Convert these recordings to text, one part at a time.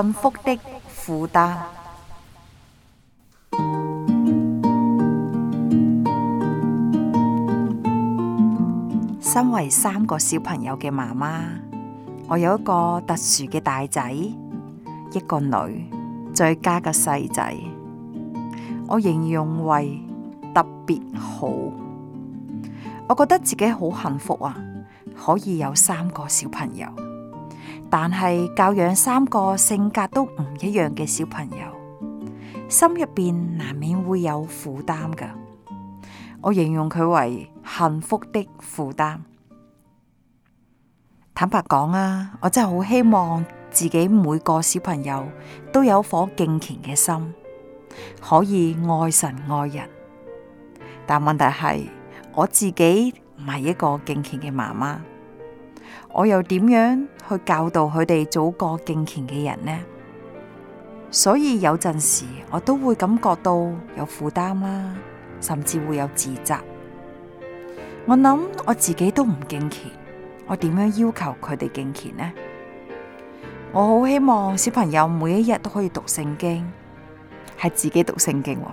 幸福的負擔。身為三個小朋友嘅媽媽，我有一個特殊嘅大仔，一個女，再加個細仔。我形容為特別好。我覺得自己好幸福啊，可以有三個小朋友。但係教養三個性格都唔一樣嘅小朋友，心入邊難免會有負擔噶。我形容佢為幸福的負擔。坦白講啊，我真係好希望自己每個小朋友都有顆敬虔嘅心，可以愛神愛人。但問題係我自己唔係一個敬虔嘅媽媽。我又點樣去教導佢哋做個敬虔嘅人呢？所以有陣時我都會感覺到有負擔啦，甚至會有自責。我諗我自己都唔敬虔，我點樣要求佢哋敬虔呢？我好希望小朋友每一日都可以讀聖經，係自己讀聖經，哦。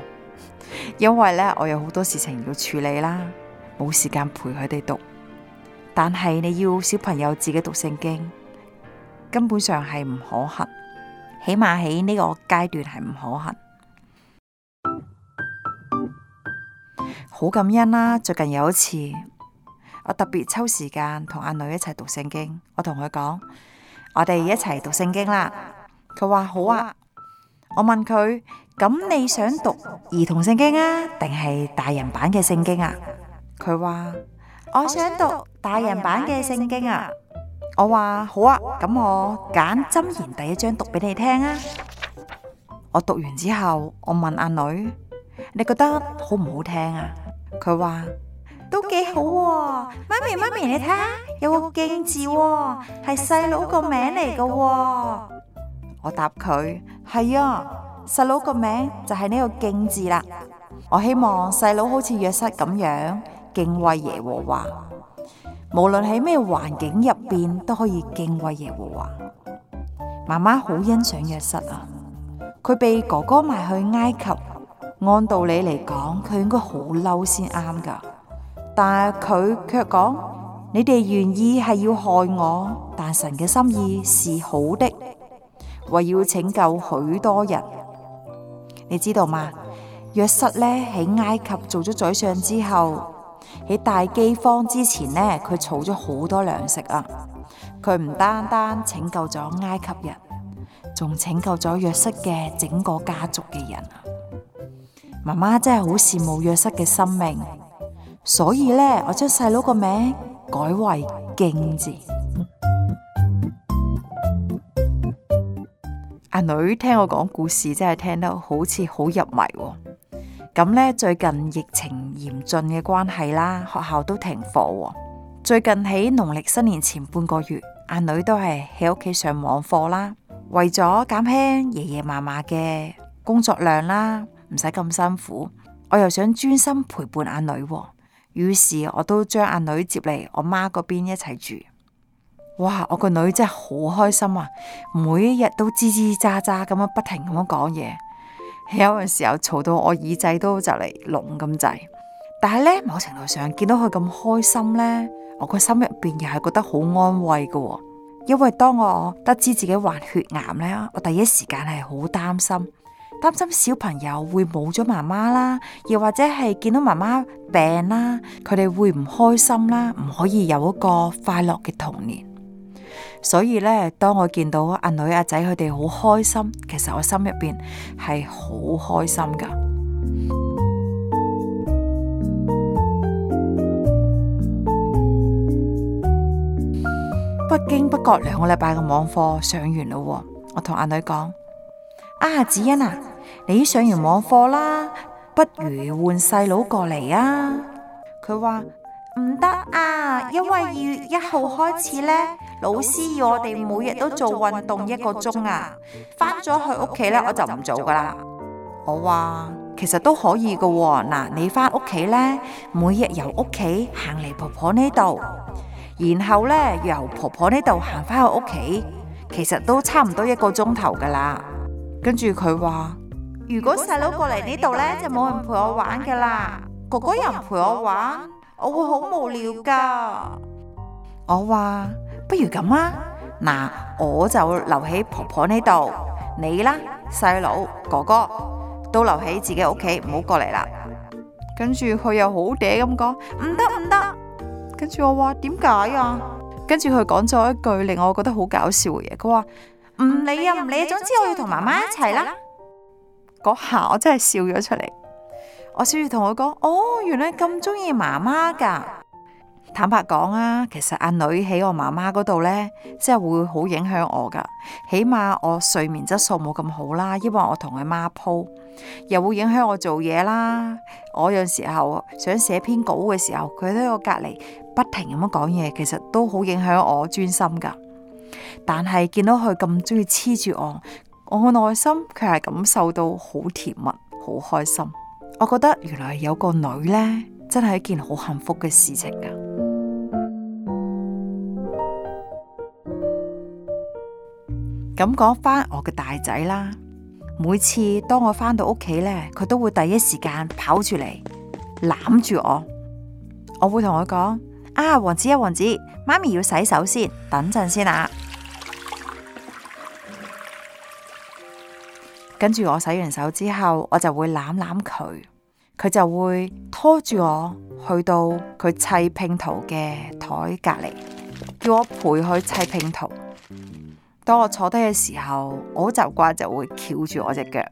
因為咧，我有好多事情要處理啦，冇時間陪佢哋讀。但係你要小朋友自己讀聖經，根本上係唔可行，起碼喺呢個階段係唔可行。 好感恩啦、啊！最近有一次，我特別抽時間同阿女一齊讀聖經。我同佢講：我哋一齊讀聖經啦。佢話好啊。我問佢：咁你想讀兒童聖經啊，定係大人版嘅聖經啊？佢話。我想讀大人版嘅聖經啊！我話好啊，咁我揀箴言第一章讀俾你聽啊！我讀完之後，我問阿女：你覺得好唔好聽啊？佢話都幾好，媽咪媽咪，你睇下有個敬字，係細佬個名嚟嘅。我答佢：係啊，細佬個名就係呢個敬字啦。我希望細佬好似約瑟咁樣。敬畏耶和華，無論喺咩環境入邊都可以敬畏耶和華。媽媽好欣賞約瑟啊！佢被哥哥賣去埃及，按道理嚟講佢應該好嬲先啱噶，但係佢卻講：你哋願意係要害我，但神嘅心意是好的，為要拯救許多人。你知道嗎？約瑟呢喺埃及做咗宰相之後。喺大饑荒之前呢，佢儲咗好多糧食啊！佢唔單單拯救咗埃及人，仲拯救咗約瑟嘅整個家族嘅人。媽媽真係好羨慕約瑟嘅生命，所以呢，我將細佬個名改為敬字。阿、嗯、女聽我講故事真係聽得好似好入迷喎！咁呢，最近疫情嚴峻嘅關係啦，學校都停課喎。最近喺農曆新年前半個月，阿女都係喺屋企上網課啦。為咗減輕爺爺嫲嫲嘅工作量啦，唔使咁辛苦，我又想專心陪伴阿女喎。於是我都將阿女接嚟我媽嗰邊一齊住。哇！我個女真係好開心啊，每一日都吱吱喳喳咁樣不停咁樣講嘢，有陣時候嘈到我耳仔都就嚟聾咁滯。但係咧，某程度上見到佢咁開心咧，我個心入邊又係覺得好安慰噶喎。因為當我得知自己患血癌咧，我第一時間係好擔心，擔心小朋友會冇咗媽媽啦，又或者係見到媽媽病啦，佢哋會唔開心啦，唔可以有一個快樂嘅童年。所以咧，當我見到阿女阿仔佢哋好開心，其實我心入邊係好開心噶。不經不覺兩個禮拜嘅網課上完啦，我同阿女講：阿、啊、子欣啊，你上完網課啦，不如換細佬過嚟啊。佢話唔得啊，因為二月一號開始呢，老師要我哋每日都做運動一個鐘啊。翻咗去屋企呢，我就唔做噶啦。我話其實都可以噶，嗱，你翻屋企呢，每日由屋企行嚟婆婆呢度。然後咧，由婆婆呢度行翻去屋企，其實都差唔多一個鐘頭噶啦。跟住佢話，如果細佬過嚟呢度咧，就冇人陪我玩噶啦。哥哥又唔陪，陪我玩，我會好無聊噶。我話不如咁啊，嗱，我就留喺婆婆呢度，你啦，細佬、哥哥都留喺自己屋企，唔好過嚟啦。跟住佢又好嗲咁講，唔得唔得。跟住我話點解啊？跟住佢講咗一句令我覺得好搞笑嘅嘢，佢話，唔理啊，唔理啊，總之我要同媽媽一齊啦。嗰下我真係笑咗出嚟。我笑住同佢講，哦，原來咁中意媽媽噶。坦白講啊，其實阿女喺我媽媽嗰度咧，即係會好影響我噶。起碼我睡眠質素冇咁好啦，因為我同佢媽鋪又會影響我做嘢啦。我有時候想寫篇稿嘅時候，佢喺我隔籬不停咁樣講嘢，其實都好影響我專心噶。但係見到佢咁中意黐住我，我內心佢係感受到好甜蜜、好開心。我覺得原來有個女咧，真係一件好幸福嘅事情噶。咁講返我嘅大仔啦，每次當我返到屋企呢，佢都會第一時間跑住嚟，攬住我，我會同佢講：啊王子啊王子，媽咪要洗手先，等陣先啊。跟住我洗完手之後，我就會攬攬佢，佢就會拖住我去到佢砌拼圖嘅台隔籬，叫我陪佢砌拼圖。當我坐低嘅時候，我好習慣就會翹住我隻腳，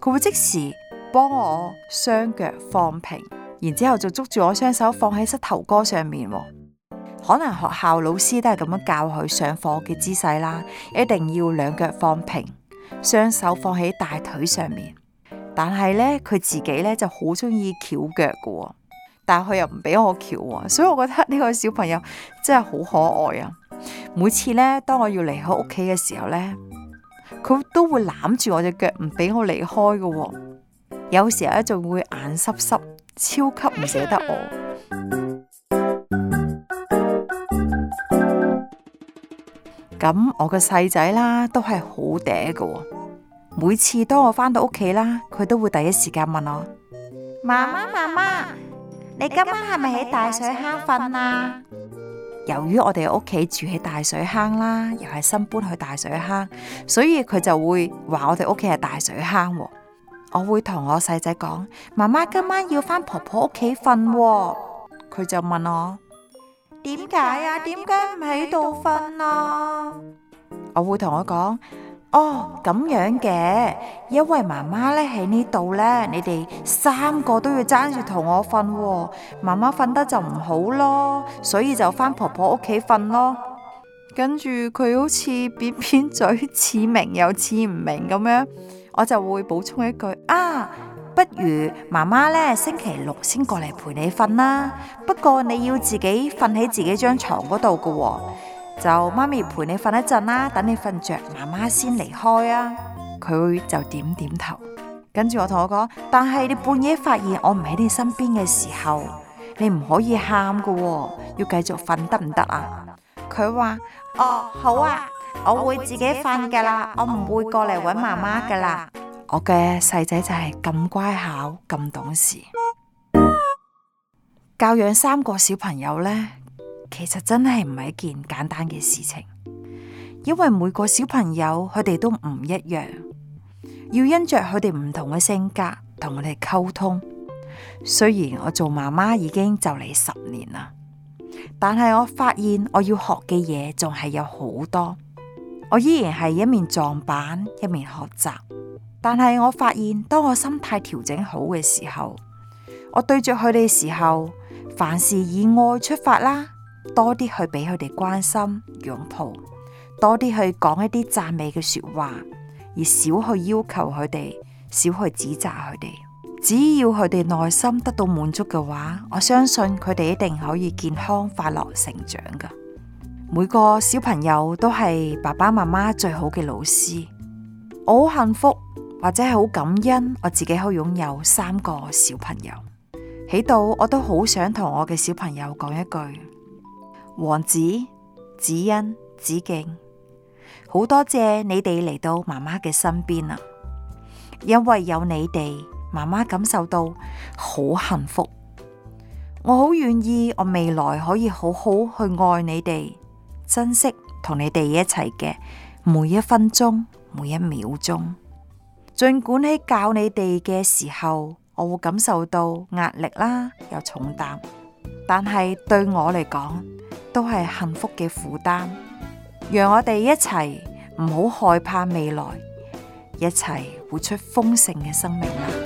佢會即時幫我雙腳放平，然之後就捉住我雙手放喺膝頭哥上面。可能學校老師都係咁樣教佢上課嘅姿勢啦，一定要兩腳放平，雙手放喺大腿上面。但係咧，佢自己咧就好中意翹腳嘅，但係佢又唔俾我翹，所以我覺得呢個小朋友真係好可愛啊！每次咧，當我要離開屋企嘅時候咧，佢都會攬住我隻腳唔俾我離開噶喎。有時候咧，就會眼濕濕，超級唔捨得我。咁 我個細仔啦，都係好嗲噶。每次當我翻到屋企啦，佢都會第一時間問我：媽媽，媽媽，你今晚係咪喺大水坑瞓啊？由於我哋屋企住喺大水坑啦，又係新搬去大水坑，所以佢就會話我哋屋企係大水坑喎。我會同我細仔講，媽媽今晚要返婆婆屋企瞓喎。佢就問我，點解呀？點解唔喺度瞓啊？啊，我會同我講。哦，咁樣嘅，因為媽媽咧喺呢度咧，你哋三個都要爭住同我瞓，媽媽瞓得就唔好咯，所以就翻婆婆屋企瞓咯。跟住佢好似扁扁嘴，似明又似唔明咁樣，我就會補充一句啊不如媽媽咧星期六先過嚟陪你瞓啦，不過你要自己瞓喺自己張床嗰度㗎。就媽咪陪你瞓一陣啦，等你瞓着，媽媽先離開啊。佢就點點頭，跟住我同我講，但係你半夜發現我唔喺你身邊嘅時候，你唔可以喊噶，要繼續瞓得唔得啊？佢話：哦，好啊，好啊，我會自己瞓噶啦，我唔會過嚟搵媽媽噶啦。我嘅細仔就係咁乖巧，咁懂事。教養三個小朋友呢。其實真係唔係一件簡單嘅事情，因為每個小朋友佢哋都唔一樣，要因着佢哋唔同嘅性格同佢哋溝通。雖然我做媽媽已經就嚟十年啦，但係我發現我要學嘅嘢仲係有好多，我依然係一面撞板一面學習。但係我發現，當我心態調整好嘅時候，我對着佢哋時候，凡事以愛出發啦。多啲去俾佢哋關心、擁抱，多啲去講一啲讚美嘅說話，而少去要求佢哋，少去指責佢哋。只要佢哋內心得到滿足嘅話，我相信佢哋一定可以健康快樂成長㗎。每個小朋友都係爸爸媽媽最好嘅老師。我好幸福，或者係好感恩，我自己可以擁有三個小朋友。喺度我都好想同我嘅小朋友講一句。王子、子恩、子敬，好多謝你哋嚟到媽媽嘅身邊啊！因為有你哋，媽媽感受到好幸福。我好願意，我未來可以好好去愛你哋，珍惜同你哋一齊嘅每一分鐘、每一秒鐘。盡管喺教你哋嘅時候，我會感受到壓力啦，有重擔，但係對我嚟講，都係幸福嘅負擔，讓我哋一齊唔好害怕未來，一齊活出豐盛嘅生命啊！